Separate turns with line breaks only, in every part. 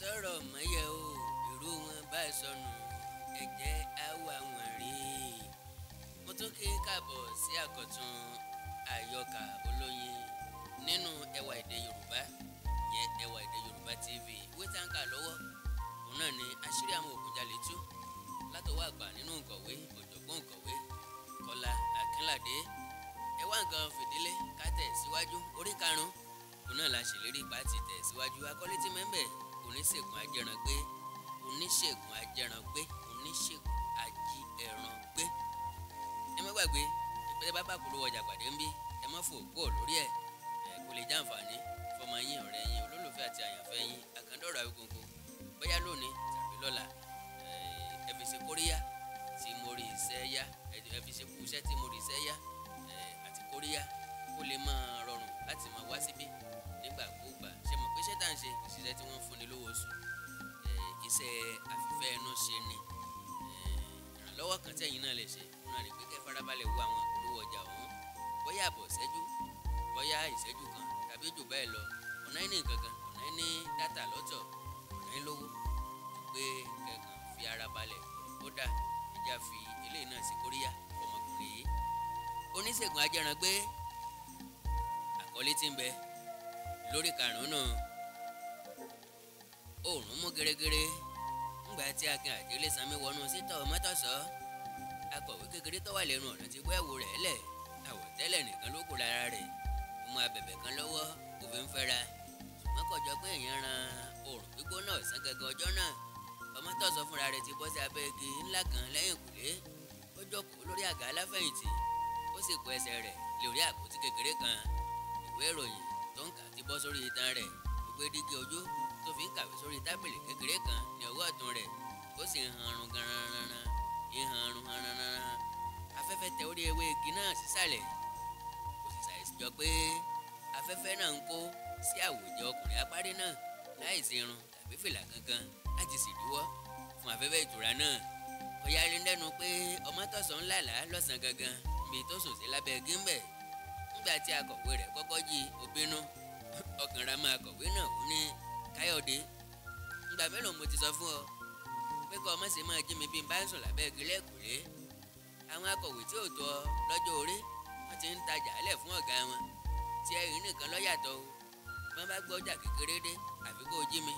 sọ̀rọ̀ mọ́yẹ o èrò wọn bá sọnù ẹ̀jẹ̀ àwa wọn rí i mo tún kí káàbọ̀ sí àkọ́tún àyọkà olóyin nínú ẹwà èdè Yorùbá yẹ ẹwà èdè Yorùbá TV ìwé tá ń kà lọ́wọ́ òun náà ni àṣírí àwọn Òkújalè tú látọwọ́ àgbà nínú nkọ̀wé ọ̀jọ̀gbọ́n nkọ̀wé Kọ́lá Akínládé ẹ wá nǹkan fìdílé ká tẹ̀ síwájú orí karùn-ún òun náà la ṣèlérí pa ti tẹ̀ akọ́lé tí mẹ́ńbẹ̀ẹ́ oníṣègùn ajẹrangbé oníṣègùn ajẹrangbé oníṣègùn ají ẹran gbé ẹ má gbàgbé ìpínlẹ̀ bá bàbá olówó ọjà pàdé ń bí ẹ má fò kó lórí ẹ̀ ẹ̀ kò lè jàǹfààní fọmọ yín ọ̀rẹ́ yín olólùfẹ́ àti àyànfẹ́ yín àkàndọ̀rọ̀ Awikonko bóyá lónìí tàbí lọ́la ẹ ṣe kóríyá tí mo rí iṣẹ́ yá ẹ ṣe kú tí mo rí iṣẹ́ yá àti kóríyá kó lè máa rọrùn láti máa wá síbí nígbàkúgbà ṣe mọ̀ pé ṣẹ́tà ń ṣe ìṣiṣẹ́ tí wọ́n fúnni lówó oṣù iṣẹ́ àfìfẹ́ ẹnu ṣe ni ìrànlọ́wọ́ kan tẹ̀yìn náà lè ṣe náà ni pé kẹ́ farabalẹ̀ wo àwọn ìpolówó ọjà ọ̀hún bóyá àbọ̀ ìṣẹ́jú bóyá ìṣẹ́jú kan tàbí jù bẹ́ẹ̀ lọ ọ̀nà ẹni kankan ọ̀nà ẹni dátà lọ́tọ̀ ọ̀nà ẹni lówó pé kẹ̀kàn fi ara balẹ̀ kódà ìjà fi eléyìí náà sí kóríyá ọmọkùnrin yìí oníṣègùn ajẹran àkọlé tí ń bẹ lórí karùnún oòrùn mú gẹ́rẹ́gẹ́rẹ́ ńgbà tí akin àti ilésanmi wọnú sítọ̀ mọ́tọ̀sọ́ akọ̀wé kékeré tó wà lẹ́nu ọ̀nà ti wọ́ ẹ̀wù rẹ̀ lẹ̀ àwọ̀tẹ́lẹ̀ nìkan ló kù lára rẹ̀ ọmọ abẹ̀bẹ̀ kan lọ́wọ́ kò fi ń fẹ́ra ṣùgbọ́n kò jọ pé èèyàn ran oòrùn gbígbóná ọ̀sán gẹ́gẹ́ ọjọ́ náà ọmọtọ̀sọ́ fúnra rẹ̀ ti bọ́ sí abẹ́ igi ńlá kan lẹ́yìn kùlé ó jókòó lórí àga aláfẹ̀yìntì ó sì kó ẹsẹ̀ rẹ̀ lórí àpótí kékeré kan ìwé ìròyìn tó ń kà ti bọ́ sórí itan rẹ̀ ó gbé dígí ojú tó fi ń kàwé sórí tábìlì kékeré kan ní ọwọ́ ọ̀tún rẹ̀ ó sì ń hanrun garanran ìhanrun hanranran afẹ́fẹ́ tẹ orí ewé igi náà sísàlẹ̀ kò sì ṣàìsí jọ pé afẹ́fẹ́ náà ń kó sí àwòjẹ ọkùnrin apárí náà láìsí irun tàbí fìlà kankan láti sì dúwọ́ fún afẹ́fẹ́ ìtura náà ó yarí lẹ́nu pé ọmọ tọ̀sán ńlá làá lọ́sàn gangan níbi tó sùn sí lábẹ́ gímbẹ̀ nígbà tí akọ̀wé rẹ̀ kọ́kọ́ jí obìnrin ọkàn ra máa kọ̀wé náà ó ní káyọ̀dé ìgbà mélòó mo ti sọ fún ọ pé kọ́ ọmọ sì máa jí mi bí n bá ń sùn lábẹ́ ìgbélé ìkùlé àwọn akọ̀wé tí ò tọ́ lọ́jọ́ orí wọ́n ti ń tajà lẹ̀ fún ọ̀gá wọn tí ẹ nìkan lọ́yàtọ̀ o wọ́n bá gbọ́ ọjà kékeré dé àfi kó o jí mi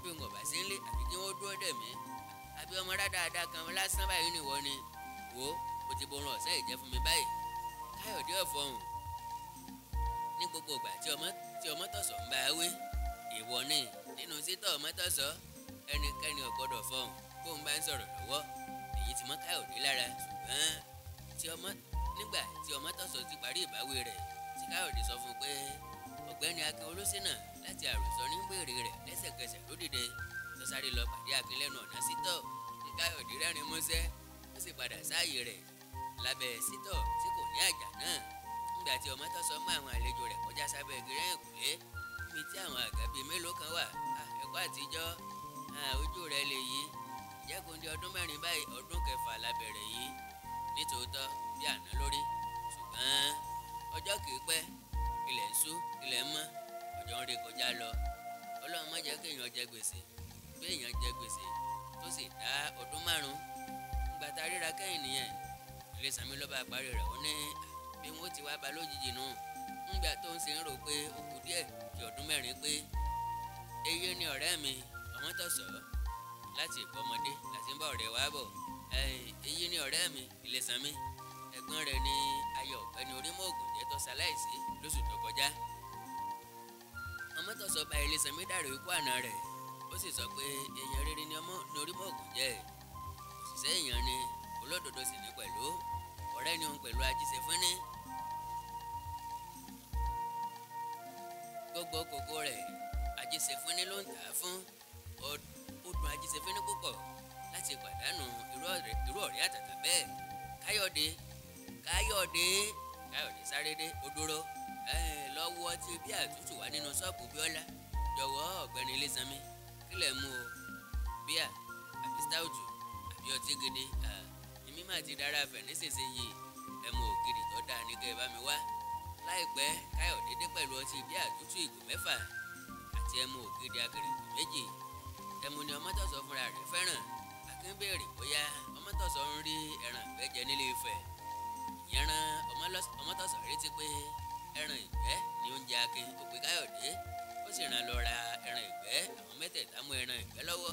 bí n kò bá sí nílé àfi kí wọ́n dúró dè mí àbí ọmọ rádáadáa kan lásán báyìí nìwọ ni wò ó ti borun ọ̀sẹ́ ìjẹ́ fún mi báyìí káyọ̀dé ọ̀fọ̀hún ní gbogbo ìgbà tí ọmọ tí ọmọ tọ̀sọ̀ ń bá wé ìwọ ni nínú títọ̀ ọmọ tọ̀sọ̀ ẹnikẹ́ni ò gbọ́dọ̀ fọhùn kó ń bá ń sọ̀rọ̀ lọ́wọ́ èyí ti mọ́ káyọ̀dé lára ṣùgbọ́n tí ọmọ nígbà tí ọmọ tọ̀sọ̀ ti parí ìbáwí rẹ̀ tí káyọ̀dé sọ fún un pé ọ̀gbẹ́ni akin olóṣènà láti àròsọ ní gbèrè rẹ̀ lẹ́sẹ̀kẹsẹ̀ ló dìde tó sáré lọ pàdé akin lẹ́nu ọ̀nà sítọ̀ ní káyọ̀dé rẹ́rìn músẹ́ ó sì padà sáàyè rẹ̀ lábẹ́ sítọ̀ tí kò ní àjà náà nígbà tí ọmọ tó sọ mọ́ àwọn àlejò rẹ̀ kọjá sábẹ́ gírẹ́ǹ kùlé níbi tí àwọn àga bíi mélòó kan wà ẹ̀kọ́ àtijọ́ ojú rẹ̀ lè yí jẹ́kùndé ọdún mẹ́rin báyìí ọdún kẹfà la bẹ̀rẹ̀ yìí nítòótọ́ bí àná lórí ṣùgbọ́n ọjọ́ kìí pẹ́ ilẹ̀ ń sú ilẹ̀ ń mọ́ ọjọ́ ń ré kọjá lọ ọlọ́run má jẹ́ kéèyàn jẹ gbèsè bí èèyàn jẹ gbèsè tó sì dá ọdún márùn-ún gbàtà ríra kẹ́yìn nìyẹn ilé sàmí lọ́ba rẹ̀ ó ní bí wọn ti wá ba lójijì nù ńgbà tó ń ṣe ń rò pé ó kù díẹ̀ kí ọdún mẹ́rin pé eye ni ọ̀rẹ́ mi àwọn tó sọ láti ìkọ́mọdé láti ń bá ọ̀rẹ́ wa bọ̀ eye ni ọ̀rẹ́ mi ìlẹ̀sàn mi ẹ̀gbọ́n rẹ̀ ni ayọ̀ ọ̀gbẹ́ni orímọ̀ògùn jẹ́ tó ṣaláìsí lóṣù tó kọjá ọmọ tó sọ bá ìlẹ̀sàn mi dàrú ikú àná rẹ̀ ó sì sọ pé èèyàn rere ni ọmọ ní orímọ̀ògùn jẹ́ òṣìṣẹ́ èèyàn ni olódodo sì ní pẹ̀lú ọ̀rẹ́ ni òun pẹ̀lú ajíṣẹ́ fúnni gbogbo kòkó rẹ̀ ajíṣẹ́ fúnni ló ń tà á fún ó dùn ajíṣẹ́ fúnni púpọ̀ láti pàdánù irú ọ̀rẹ́ àtàtà bẹ́ẹ̀ káyọ̀dé káyọ̀dé káyọ̀dé sáré dé ó dúró lọ́wọ́ tí bí àtútù wà nínú ṣọ́ọ̀bù bíọ́lá jọ̀wọ́ ọ̀gbẹ́ni ilésanmi kílẹ̀ mú o bíà àbí stáùtù àbí ọtí gidi. Uh, mímọ̀ àti dára fẹ̀ nísinsìnyí ẹ mọ ògiri tó dáa ní kẹ́ ẹ bá mi wá láìpẹ́ káyọ̀dé dé pẹ̀lú ọtí bí àtútù ìgò mẹ́fà àti ẹ ògiri akèrègbè méjì ẹmu ni ọmọtọ̀sọ fúnra rẹ̀ fẹ́ràn akínbèrè bóyá ọmọtọ̀sọ ń rí ẹran ìgbẹ́ jẹ nílé Ifẹ̀ ìyẹn ran ọmọtọ̀sọ retí pé ẹran ìgbẹ́ ni oúnjẹ akin òpè káyọ̀dé ó sì ràn lọ ra ẹran ìgbẹ́ àwọn mẹ́tẹ̀ẹ̀ta mú ẹran ìgbẹ́ lọ́wọ́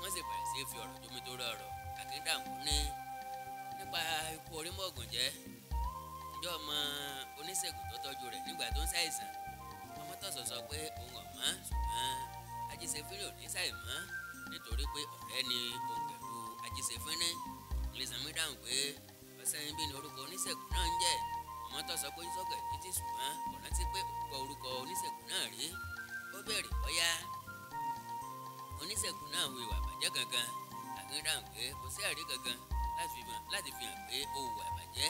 wọ́n sì bẹ̀rẹ̀ sí fi ọ̀rọ̀ jómi tó rọrọ̀ akíndàmú ní nípa ikú orímọ̀gùn jẹ́ ìjọ ọmọ oníṣègùn tó tọ́jú rẹ̀ nígbà tó ń ṣàìsàn ọmọ tọ̀sọ̀ sọ pé òun ọ̀mọ́ ṣùgbọ́n ajíṣefínì ò ní ṣàìmọ́ nítorí pé ọ̀rẹ́ ni òun pẹ̀lú ajíṣefínì ìlẹ̀sànmí dáhùn pé ọ̀sẹ̀yìn bí ni orúkọ oníṣègùn náà ń jẹ́ ọmọ tọ̀sọ̀ pé sọ́gẹ̀ ní ti ṣùgbọ́n kò rántí pé òkúkọ orúkọ oníṣègùn náà rí ó bẹ̀rẹ̀ bọ́yá oníṣègùn náà hùwà bàjẹ́ kankan àgbẹ̀dáhùn pé kò sí àrí kankan láti fi hàn pé ó wà bàjẹ́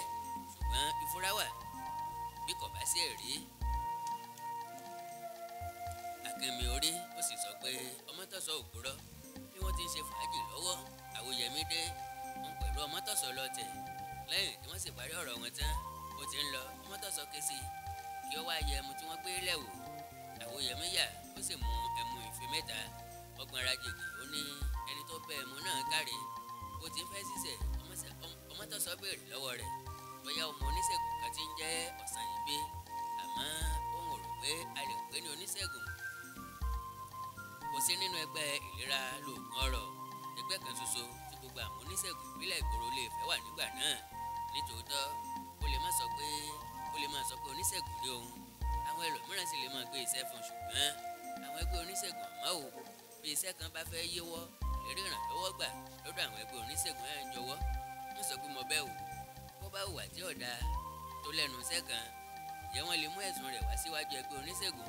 ṣùgbọ́n ìfura wà bí kò bá sí ẹ̀rí akínmi orí ó sì sọ pé ọmọtọ́sọ òpùrọ́ bí wọ́n ti ń ṣe fàájì lọ́wọ́ àwòyẹmí dé ń pẹ̀lú ọmọtọ́sọ lọ́tẹ̀ lẹ́yìn tí wọ́n sì parí ọ̀rọ̀ wọn tán ó ti ń lọ ọmọtọ́sọ ké sí kí ó wá yẹ ẹmu tí wọ́n gbé lẹ́wọ̀ àwòyẹmí yà ó sì mú ẹmu ìfẹ́ mẹ́ta ọgbọ̀n rajèkì ó ní ẹni tó bẹ ẹmu náà káre o ti ń fẹ́ ṣiṣẹ́ ọmọ tó sọ béèrè lọ́wọ́ rẹ̀ bóyá ọmọ oníṣègùn kan ti ń jẹ́ Ọ̀sanyìnbí àmọ́ òun ò rò pé a lè pè ní oníṣègùn kò sí nínú ẹgbẹ́ ìlera lóògùn ọ̀rọ̀ ẹgbẹ́ kan ṣoṣo tí gbogbo àwọn oníṣègùn ìbílẹ̀ ìgboro lè fẹ́ wà nígbà náà nítòótọ́ ó lè má sọ pé ó lè má sọ pé oníṣègùn rí òun àwọn ẹlòmíràn sì lè máa gbé iṣẹ́ fún ṣùgbọ́n àwọn ẹgbẹ́ oníṣègùn àmọ́ ò bí iṣẹ́ kan bá fẹ́ yíwọ́ lè rí ìrànlọ́wọ́ gbà lọ́dọ̀ àwọn ẹgbẹ́ oníṣègùn ẹ̀ ń jọ̀wọ́ ń sọ pé mo bẹ́ẹ̀ wò bó bá hùwà tí ọ̀dà tó lẹ́nu iṣẹ́ kan jẹ́ wọ́n lè mú ẹ̀sùn rẹ̀ wá síwájú ẹgbẹ́ oníṣègùn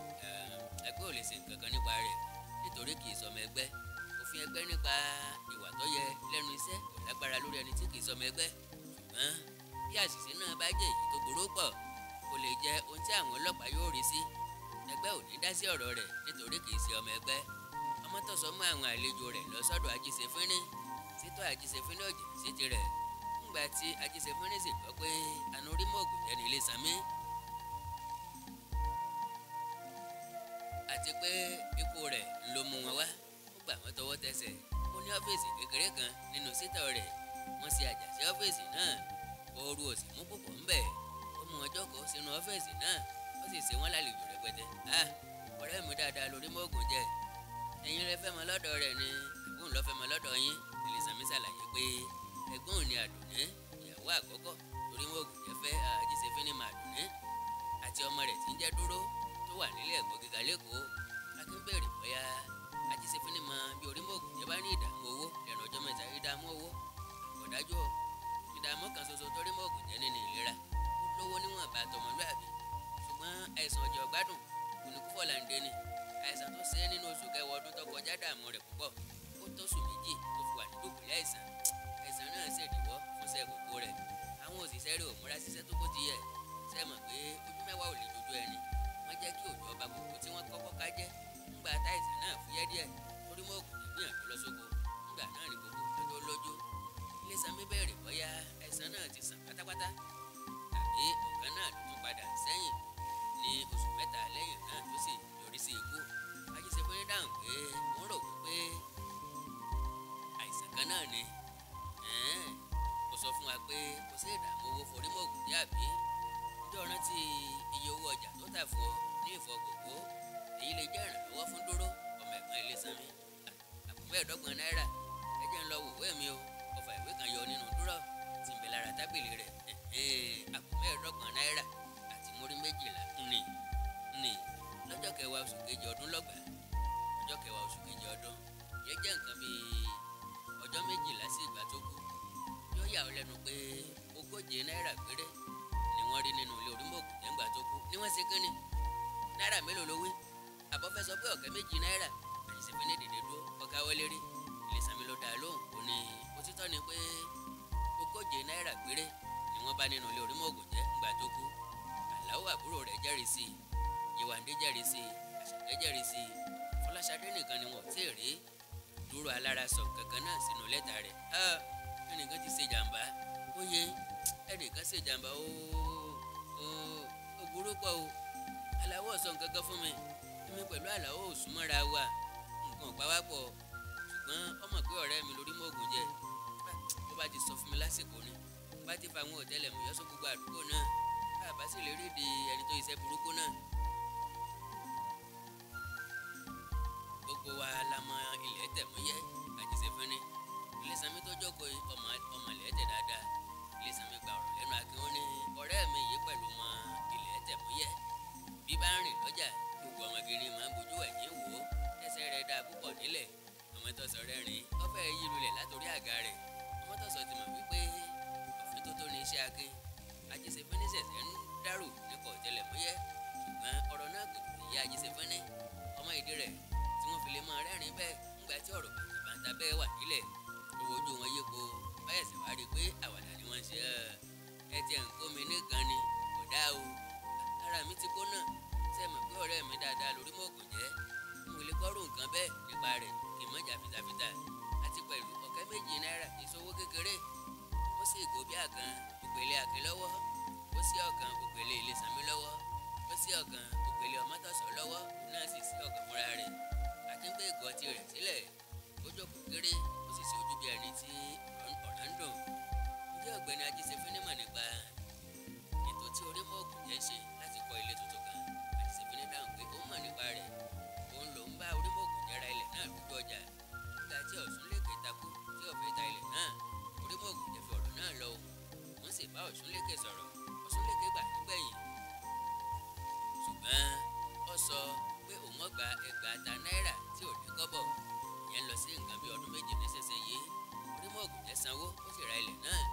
ẹgbẹ́ ò lè ṣe nǹkan kan nípa rẹ̀ nítorí kì í sọmọ ẹgbẹ́ òfin ẹgbẹ́ nípa ìwà tó yẹ lẹ́nu iṣẹ́ lágbára lórí ẹni tí kì í sọmọ ẹgbẹ́ ṣùgbọ́n bí àṣìṣe náà bá jẹ́ èyí tó burú pọ̀ kò lè jẹ́ ohun tí àwọn ọlọ́pàá yóò rí sí ẹgbẹ́ ò ní dá sí ọ̀rọ̀ rẹ̀ nítorí kì í ṣe ọmọ ẹgbẹ́ ọmọ tó sọ mọ́ àwọn àlejò rẹ̀ lọ sọ́dọ̀ fínrín títọ́ àjíṣẹ́fín náà jù sí tirẹ̀ ńgbà tí àjíṣẹ́fín rìn sì gbọ́ pé anorímọ̀gùn ẹni ilé sami. àti pé ikú rẹ̀ ló mú wọn wá ó gbà wọ́n tọwọ́ tẹsẹ̀ ó ní ọ́fíìsì kékeré kan nínú sítọ̀ rẹ̀ wọ́n ṣe àjàṣe ọ́fíìsì náà ooru ò sì mú púpọ̀ ńbẹ̀ ó mú ọjọ́ kan sínú ọ́fíìsì náà ó sì ṣe wọ́n lálejò rẹpẹtẹ ah, ọ̀rẹ́ mi dáadáa lórí mọ́ọ̀gùn jẹ́ ẹ̀yin rẹ fẹ́ mọ lọ́dọ̀ rẹ̀ ni ìbùn lọ́ fẹ́ mọ lọ́dọ̀ yín Fẹ́mi ṣàlàyé pé ẹ̀gbọ́n òun ni Àdùnní ìyàwó àkọ́kọ́ torí wọn ògùn jẹ́ fẹ́ àjíṣe fínimà Àdùnní àti ọmọ rẹ̀ tí ń jẹ́ dúró tó wà nílé ẹ̀kọ́ gíga lẹ́kọ̀ọ́ akin bèrè bóyá àjíṣe fínimà bí orímọ̀ ògùn jẹ́ bá ní ìdààmú owó lẹ́nu ọjọ́ mẹ́ta ìdààmú owó àkọ́dájú ọ̀ ìdààmú kan ṣoṣo torí mọ̀ ògùn jẹ́ nínú ìlera ó lówó níwọ̀nba wà nídòkòlá ẹ̀sán ẹ̀sán náà ṣèdíwọ́ fún ṣẹ́ rẹ̀ àwọn òṣìṣẹ́ rẹ̀ ò múra ṣiṣẹ́ tó kó ti yẹ ṣe mọ̀ pé ojú mẹ́wàá ò lè dojú ẹni wọ́n jẹ́ kí òjò ọba gbogbo tí wọ́n kọ́kọ́ ká jẹ́ ńgbà táìsàn náà fúyẹ́ díẹ̀ torí mọ́ òkú gbìyànjú lọ sóko ńgbà náà rí gbogbo ọjọ́ lọ́jọ́ ilé sanmi bẹ̀rẹ̀ bọ́yá ẹ̀sán náà ti sàn pátápátá tàbí ọ̀gá náà ló padà sàfò ní ìfọ̀gbògbò èyí lè jẹ́ ìrànlọ́wọ́ fún dúró ọmọ ẹ̀gbọ́n ilé sanmi àpò mẹ́ẹ̀ẹ́dọ́gbọ̀n náírà ẹ jẹ́ ń lọ wòwé mi o ọfà ìwé kan yọ nínú dúró tí ń bẹ lára tábìlì rẹ̀ àpò mẹ́ẹ̀ẹ́dọ́gbọ̀n náírà àti múrí méjìlá nì nì lọ́jọ́ kẹwàá oṣù kejì ọdún lọ́gbàá lọ́jọ́ kẹwàá oṣù kejì ọdún yẹ jẹ́ nǹkan bíi ọjọ́ méjìlá sí ìgbà tó kù yóò yà ọ́ lẹ́nu pé ogóje náírà péré wọ́n rí nínú ilé Odúnbọ̀kù lẹ́ngbà tó kú ni wọ́n ṣe kí ni náírà mélòó ló àbọ̀fẹ́ sọ pé ọ̀kẹ́ méjì náírà àyìnsẹ́fẹ́ ní dèdè dúró ọ̀ká wọlé rí ìlẹ̀sán mi ló dà lóhùn kò ní òtítọ́ ni pé ogóje náírà péré ni wọ́n bá nínú ilé Orímọ̀ògùn jẹ́ ńgbà tó kú Àlàó àbúrò rẹ̀ jẹ́rìí sí i jẹ́rìí sí Àṣàkẹ́ jẹ́rìí sí ah, ẹnìkan ti ṣe jàǹbá ó yẹ ẹnìkan ṣe jàǹbá ó ògbóró pọ̀ o aláwọ̀ sọ nǹkan kan fún mi èmi pẹ̀lú aláwọ̀ ò súnmọ́ra wa nǹkan ọ̀pá wá pọ̀ ṣùgbọ́n ọmọ pé ọ̀rẹ́ mi lórí mọ́ọ̀gùn jẹ́ bó bá ti sọ fún mi lásìkò ni bá ti fa àwọn ọ̀tẹlẹ̀múyẹ́ sọ gbogbo àdúgbò náà bá a bá sì lè rí ìdí ẹni tó iṣẹ́ burúkú náà. gbogbo wa la mọ ilẹ̀ tẹ̀múyẹ́ àjẹsẹ̀fẹ́ni ilé sami tó jókòó ọmọ ilẹ̀ tẹ̀ dáadáa lè sanmi gba ọ̀rọ̀ lẹ́nu akin ó ní ọ̀rẹ́ mi yìí pẹ̀lú mọ ilẹ̀ tẹ̀múyẹ́ bí bá ń rìn lọ́jà gbogbo ọmọbìnrin máa ń bójú ẹ̀jẹ̀ wò ó tẹ̀sẹ̀ rẹ̀ dáa púpọ̀ nílẹ̀ ọmọtọ́sọ rẹ̀ rìn ó fẹ́ yí lulẹ̀ látòrí àga rẹ̀ ọmọtọ́sọ ti mọ̀ wípé ọ̀fin tó tó ní iṣẹ́ akin ajísẹ́fínísẹ̀sẹ̀ ń dárò nípa ọ̀tẹlẹ̀múyẹ́ ṣùgbọ́n ọ̀rọ̀ náà kò tó yá ajísẹ́fíní ọmọ ìdí rẹ̀ tí wọ́n fi lè máa rẹ́rìn bẹ́ẹ̀ ńgbà tí ọ̀rọ̀ bàtà bẹ́ẹ̀ wà nílẹ̀ owó ojú mọ̀ ṣe ẹ tiẹ̀ ń kó mi nìkan ni kò dáa o ara mi ti kó náà ṣe mọ̀ pé ọ̀rẹ́ mi dáadáa lórí mọ̀ọ́gùn jẹ́ mo lè kọ́rù nǹkan bẹ́ẹ̀ nípa rẹ̀ kì í mọ̀jà fitafita àti pẹ̀lú ọ̀kẹ́ méjì náírà ìṣòwò kékeré ó sì gò bí àkàn òpèlè àkè lọ́wọ́ ó sì ọ̀kan òpèlè ìlẹ̀sàmí lọ́wọ́ ó sì ọ̀kan òpèlè ọ̀mọ́tọ̀sọ̀ lọ́wọ́ náà sì sí ọ̀kan fúnra rẹ̀ akíngbé ìgò ọtí rẹ̀ sílẹ̀ ó jókòó kéré ó sì ṣe ojú bí ẹni tí ọ̀rá ń dùn bí ọ̀gbẹ́ni ajé ṣe fi nímọ̀ nípa ètò tí onímọ̀ ògùnjẹ́ ṣe láti kọ́ ilé tuntun kan àti ṣe fi ní dáhùn pé ó mọ̀ nípa rẹ̀ òun lòún bá onímọ̀ ògùnjẹ́ ra ilẹ̀ náà lójú ọjà nígbà tí ọ̀sùn lè ké takò tí ọ̀fẹ́ ta ilẹ̀ náà onímọ̀ ògùnjẹ́ fi ọ̀rọ̀ náà lọ wọ́n sì bá ọ̀sùn lè ké sọ̀rọ̀ ọ̀sùn lè ké gbà nígbẹ̀yìn ṣùgbọ́n ó sọ pé òun ọgbà ẹgbàáta náírà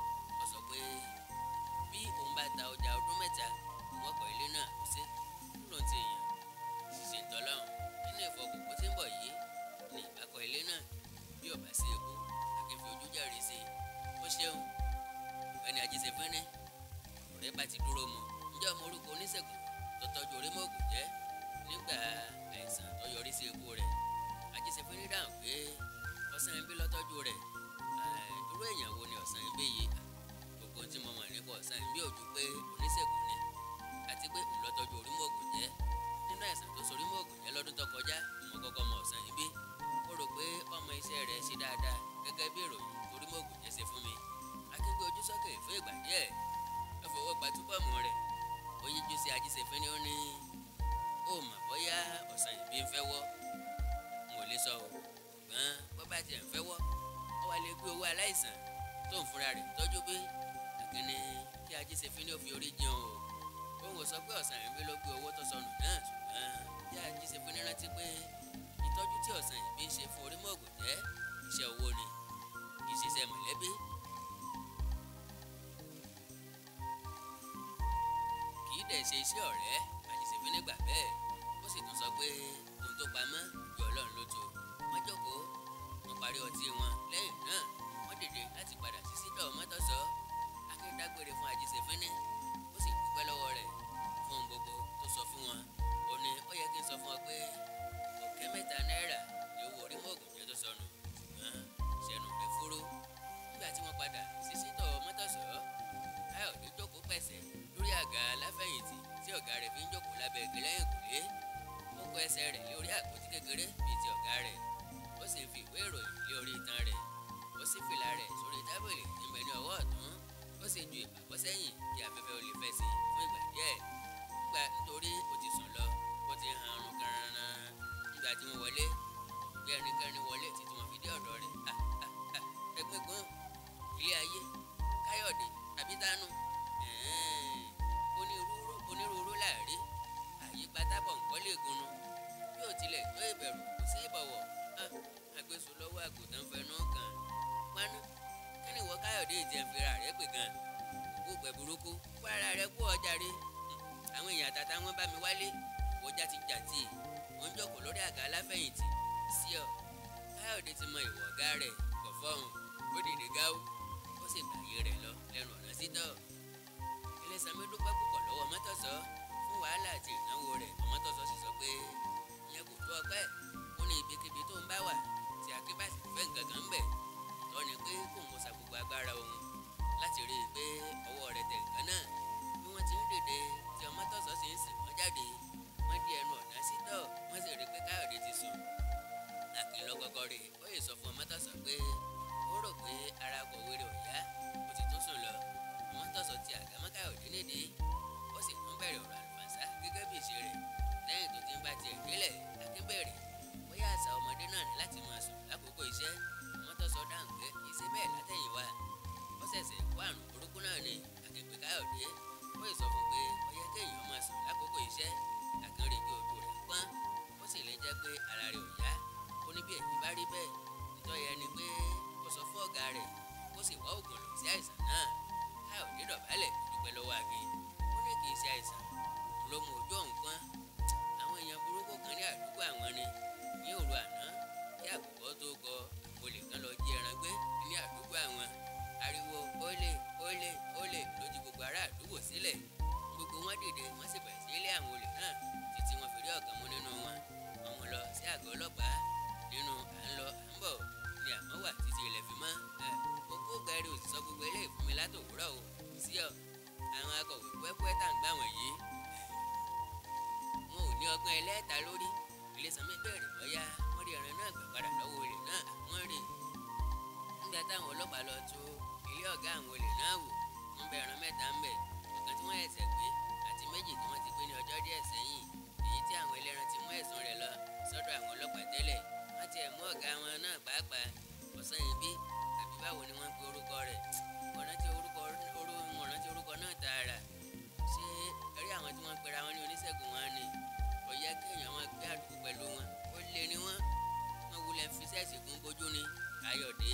tí pé bí òun bá ta ọjà ọdún mẹ́ta òun ọkọ̀ ilé náà kò sí kúrò ti èèyàn ṣiṣẹ́ ń tọ́lọ́run nínú ìfọkùn kó ti ń bọ̀ yìí ni akọ ilé náà bí ọ̀bà sí epo akẹ́fẹ́ ojú jàre sí i ó ṣeun ẹni àjíṣe fẹ́rẹ́ ọ̀rẹ́ bá ti dúró mu ǹjẹ́ ọmọ orúkọ oníṣègùn tó tọ́jú orí mọ́ọ̀gùn jẹ́ nígbà àìsàn tó yọrí sí epo rẹ̀ àjíṣe fẹ́rẹ́ dáhùn pé ọ̀sán ẹbí lọ́tọ́jú rẹ̀ dúró èèyàn wo ni ọ̀sán ẹbí yìí ohun tí mo mọ̀ rí pọ̀ sáyẹn bí òjú pé oníṣègùn ni àti pé òun lọ́tọ́jú jẹ́ nínú àìsàn tó so orímọ̀ògùn jẹ́ lọ́dún tó kọjá mo kọ́kọ́ mọ̀ ọ̀sán bí ó rò pé ọmọ iṣẹ́ rẹ̀ ṣe dáadáa gẹ́gẹ́ bí ìròyìn orímọ̀ògùn yẹn ṣe fún mi akíngbe ojú sókè fún ìgbà díẹ̀ ó fowó gba túbọ̀mù rẹ̀ ó yíjú sí ajíṣẹ́fín ni ó ní ó mà bóyá ọ̀sán tó ń fura rẹ̀ tọ́jú bí kínní kí ajé ṣe fínlẹ̀ òfin orí jẹun o òun ò sọ pé ọ̀sán ìbí ló gbé owó tó sọnù náà ṣùgbọ́n kí ajé ṣe fínlẹ̀ rántí pé ìtọ́jú tí ọ̀sán ìbí ń ṣe fún orímọ̀ ògùn jẹ́ iṣẹ́ owó ni kì í ṣiṣẹ́ mọ̀lẹ́bí kì í dẹ̀ ṣe iṣẹ́ ọ̀rẹ́ ajé ṣe fínlẹ̀ gbà bẹ́ẹ̀ ó sì tún sọ pé ohun tó pamọ́ yọ ọlọ́run lójú wọ́n jókòó wọ́n parí ọtí dágbére fún àjíṣẹ́fínní ó sì dúpẹ́ lọ́wọ́ rẹ̀ fún gbogbo tó sọ fún wọn ó ní ó yẹ kí n sọ fún ọ pé ọ̀kẹ́ mẹ́ta náírà ni owó orí mọ́ọ̀gùn jẹ́ tó sọnù ṣùgbọ́n ṣẹnu rẹ̀ fúró nígbà tí wọ́n padà sí sítọ̀ mọ́tọ̀sọ́ káyọ̀dé jókòó pẹ̀sẹ̀ lórí àga aláfẹ̀yìntì tí ọ̀gá rẹ̀ fi ń jókòó lábẹ́ ìgbélẹ́yìn ó kó ẹsẹ̀ rẹ̀ lé àpótí bó ṣe ju ìgbàgbọ́ sẹ́yìn kí afẹ́fẹ́ ó lè fẹ́ sí fún ìgbà díẹ̀. kú ọjàre àwọn èèyàn àtàtà wọn bá mi wálé wọjá ti jà tí wọn jókòó lórí àga aláfẹ̀yìntì sí ọ káyọ̀dé ti mọ ìwọ̀ ọ̀gá rẹ̀ kò fọ́hùn ó dìde gáwó ó sì gbàyè rẹ̀ lọ lẹ́nu ọ̀nà sítọ̀ ẹlẹ́sàmí dúpẹ́ púpọ̀ lọ́wọ́ mọ́tọ̀sọ́ fún wàhálà àti ìnáwó rẹ̀ mọ́tọ̀sọ́ sì sọ pé ìyẹn kò tó ọpẹ́ ó ní ibikíbi tó ń bá wà tí akébàsì fẹ́ nǹkan ń bẹ̀ tọ́ pé kò ń wọ́sà gbogbo agbára òun láti rí i pé ọwọ́ rẹ̀ tẹ̀ nǹkan náà wọ́n ti ń dèdè tí ọmọ tọ̀sọ̀ sì ń sìn wọ́n jáde wọ́n di ẹnu ọ̀nà sítọ̀ wọ́n sì rí pé káyọ̀dé ti sùn. àkìlọ̀ gọ́gọ́ rè ó yè sọ fún ọmọ tọ̀sọ̀ pé ó rò pé ara lọmọ òjọ́ nǹkan àwọn èèyàn burúkú kan ní àdúgbò àwọn ni ní òru àná kí àbùkọ́ tó kọ olè kan lọ jí ẹran gbé ní àdúgbò àwọn ariwo olè olè olè ló ti gbogbo ará àdúgbò sílẹ̀ gbogbo wọn dìde wọn sì bẹ̀rẹ̀ sí ilé àwọn olè náà títí wọn fi rí ọ̀kan mú nínú wọn wọn mú lọ sí àgọ́ ọlọ́pàá nínú à ń lọ à ń bọ̀ ni àmọ́ wà títí ilẹ̀ fi mọ́ òkú gbẹrẹ òsì sọ gbogbo eléyìí fún látòwúrọ̀ o sí ọ àwọn akọ̀wé pẹ́pẹ́ tá wọ̀nyí wọn ò ní ọgbọ́n ẹlẹ́ta lórí Ilésanmí bẹ̀rẹ̀ bọ́yá wọ́n rí ẹran náà gbà padà lọ́wọ́ olè náà àwọn rè nígbà táwọn ọlọ́pàá lọ tó ilé ọ̀gá àwọn olè náà wò wọ́n bẹ ẹran mẹ́ta ń bẹ ọ̀kan tí wọ́n ẹ̀sẹ̀ gbé àti méjì tí wọ́n ti gbé ní ọjọ́ díẹ̀ sẹ́yìn èyí tí àwọn ẹlẹ́ran ti mú ẹ̀sùn rẹ̀ lọ sọ́dọ̀ àwọn ọlọ́pàá tẹ́lẹ̀ wọ́n ti ẹ̀ mú ọ̀gá wọn náà pàápàá ọ̀sán yìí bí àbí báwo ni wọ́n pe orúkọ rẹ̀ ọ̀rántí orúkọ náà tààrà torí àwọn tí wọ́n pera wọn ní oníṣègùn wọn ni kò yẹ kéèyàn máa gbé àdúgbò pẹ̀lú wọn ó lé ní wọn wọn wulẹ̀ fi sẹ́ẹ̀sì gún bójú ni Káyọ̀dé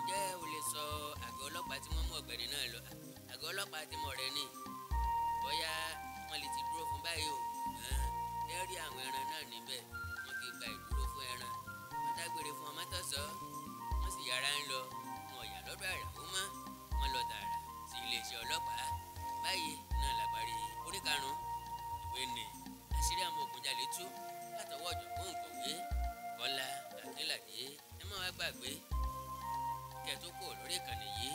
ǹjẹ́ o lè sọ àgọ́ ọlọ́pàá tí wọ́n mú ọ̀gbẹ́ni náà lọ àgọ́ ọlọ́pàá ti mọ̀ rẹ ni bóyá wọ́n lè ti dúró fún báyìí o lẹ́rí àwọn ẹran náà níbẹ̀ wọ́n kì í gba ìdúró fún ẹran wọ́n dágbére fún ọmọ tọ̀sọ́ wọ́n sì yára ń lọ wọn ò yà lọ́dọ̀ àràwọ̀ mọ́ wọ́n lọ tààrà sí iléeṣẹ́ ọlọ́pàá báyìí náà làgbárí orí karùn-ún ìwé ni àṣírí àwọn Ògúnjálé tú látọwọ́ ọ̀jọ̀gbọ́n òǹkọ̀wé Kọ́lá Akínlàdé ẹ má wá gbàgbé kẹ́ ẹ tó kó lórí ìkànnì yìí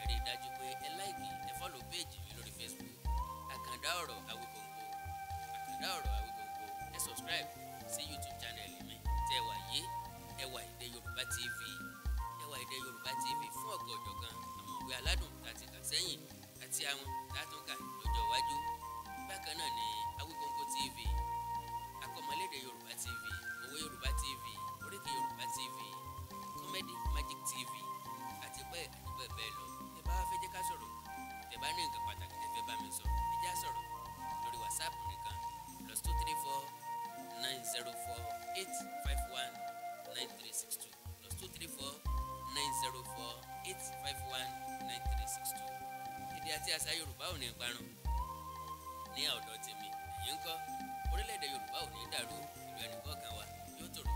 ẹ rí i dájú pé ẹ láìkì ẹ fọ́lọ̀ péèjì mi lórí Facebook àkàndá ọ̀rọ̀ Awikonko àkàndá ọ̀rọ̀ Awikonko ẹ subscribe sí YouTube channel mi tẹ wà yé ẹwà èdè Yorùbá TV ẹwà èdè Yorùbá TV fún ọ̀gọ̀ ọ̀jọ̀gàn àwọn ìwé aládùn láti kà sẹ́yìn àti àwọn tátúnkà lọ́jọ́ iwájú bákan náà ni Awikonko TV akọmọlédè Yorùbá TV òwe Yorùbá TV oríkì Yorùbá TV kọ́mẹ́dì Magic TV àti bẹ́ẹ̀ àti bẹ́ẹ̀ bẹ́ẹ̀ lọ tẹ́ bá wá fẹ́ jẹ́ ká sọ̀rọ̀ tẹ́ bá ní nǹkan pàtàkì tẹ́ fẹ́ bá mi sọ ẹ já sọ̀rọ̀ lórí WhatsApp nìkan plus two three four nine zero four eight five one nine three six two plus two three four nine zero four eight five one nine three six two èdè àti àṣà yorùbá ò ní parun ní ọ̀dọ̀ tèmi èyí ń kọ́ orílẹ̀-èdè yorùbá ò ní dàrú ìlú ẹnìkọ̀ọ̀kan wa yóò tòrò